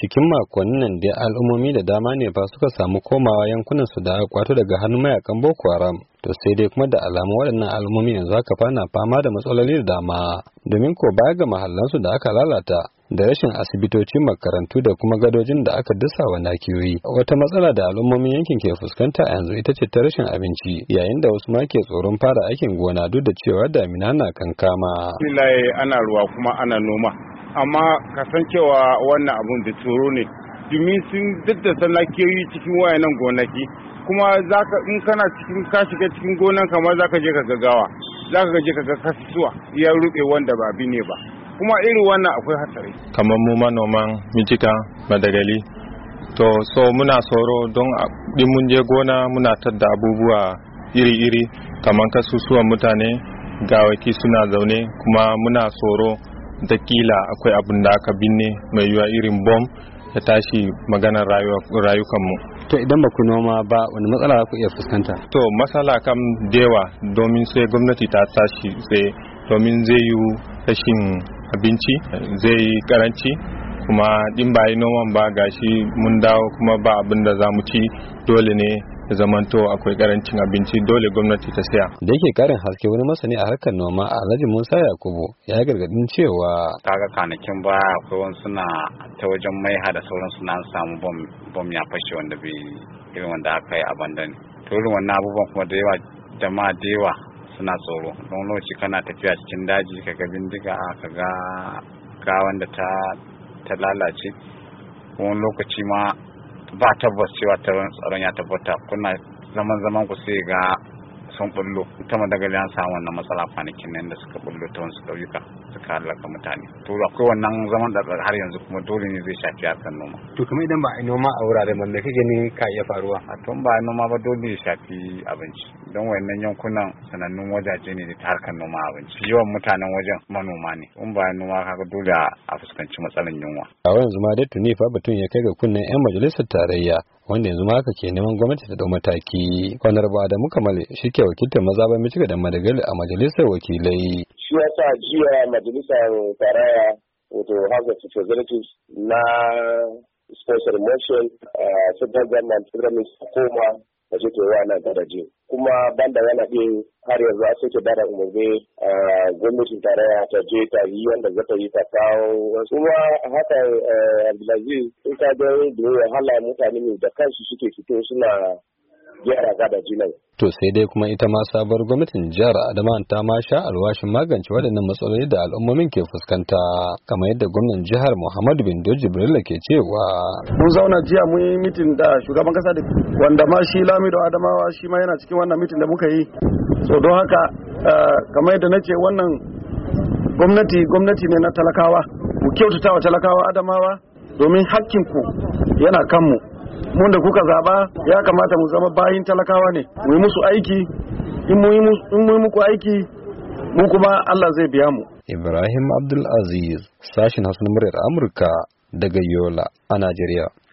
cikin makonnin nan al'ummomi da dama ne ba suka samu komawa yankunan su da aka kwato daga hannun mayakan Boko Haram to sai dai kuma da alamu waɗannan al'ummomi yanzu aka fana fama da matsaloli da dama domin ko baya ga su da aka lalata da rashin asibitoci makarantu da kuma gadojin da aka dasa wa nakiyoyi wata matsala da al'ummomin yankin ke fuskanta a yanzu ita ce ta rashin abinci yayin da wasu ma ke tsoron fara aikin gona duk da cewa damina na kankama. ana ruwa kuma ana noma amma kasancewa wannan abun da tsoro ne domin sun daddasa yi cikin wayanan gonaki kuma in kana cikin ka shiga cikin gonan kamar zaka je ka gagawa zaka je ka ga kasuwa ya rube wanda ba bi ne ba kuma irin wannan akwai hatsari kamar mu manoman mijika madagali to so muna tsoro don din mun je gona muna tadda abubuwa iri-iri kamar kasusuwan mutane gawaki suna zaune kuma muna tsoro kila akwai abin da aka binne mai yiwa irin bom ya tashi maganar rayukanmu to idan ba ku noma ba wani matsala ku iya fuskanta to matsala kam dewa domin sai gwamnati ta tashi sai domin zai yi rashin abinci zai yi karanci kuma din ba yi noman ba gashi mun dawo kuma ba abin da za mu ci dole ne ya zamanto akwai karancin abinci dole gwamnati ta saya. Da yake karin haske wani masani a harkar noma a Alhaji Musa Yakubu ya yi gargadin cewa kaga kanakin ba akwai wani suna ta wajen mai da sauran suna an samu bom ya fashe wanda bai irin wanda aka yi abandan. ne irin wannan abubuwan kuma da yawa jama'a da yawa suna tsoro. Don lokaci kana tafiya cikin daji ka ga bindiga ka ga gawan da ta lalace. Wani lokaci ma ba tabbas cewa tsaron ya tabbata kuna zaman zaman ku sai ga sun bullo ita madagali an samu wannan matsala kwanakin nan da suka bullo ta wasu ƙauyuka suka halaka mutane to akwai wannan zaman da har yanzu kuma dole ne zai shafi harkar noma to kuma idan ba a noma a wuraren man da kake ne ka iya faruwa a tun ba a noma ba dole ya shafi abinci don wayannan yankunan sanannun wajaje ne da ta harkar noma abinci yawan mutanen wajen manoma ne in ba noma kaga dole a fuskanci matsalan yunwa a yanzu ma dai tuni fa batun ya kai ga kunnen yan majalisar tarayya wanda yanzu ma haka ke neman gwamnati ta dau mataki kwanar ba da muka male shi ke wakiltar mazaban michigan da madagali a majalisar wakilai shi ya sa jiya majalisar tarayya wato house of na sponsor motion federal eh, government federal minister koma da suke wannan daraje kuma banda yana din har yanzu a suke bada umarni eh, gwamnatin tarayya ta je ta yi wanda za ta yi ta kawo kuma haka eh, abdulaziz in ka ga da wahala mutane ne da kansu suke fito suna gyara gada jinai. To sai dai kuma ita ma sabuwar gwamnatin jihar Adama ta ma sha alwashin magance waɗannan matsaloli da al'ummomin ke fuskanta kamar yadda gwamnan jihar Muhammadu Bindo Jibrila ke cewa. Mun zauna jiya mun yi mitin da shugaban kasa da wanda ma shi Lamido Adamawa shi ma yana cikin wannan mitin da muka yi. So don haka eh, kamar yadda na ce wannan gwamnati gwamnati ne na talakawa. ku kyautata wa talakawa Adamawa domin ku yana kanmu. mun da kuka zaba ya kamata mu zama bayin talakawa ne mu yi musu aiki in mu yi muku aiki mu kuma Allah zai biya mu Ibrahim Abdul Aziz sashin Hassan Muryar Amurka daga Yola a Najeriya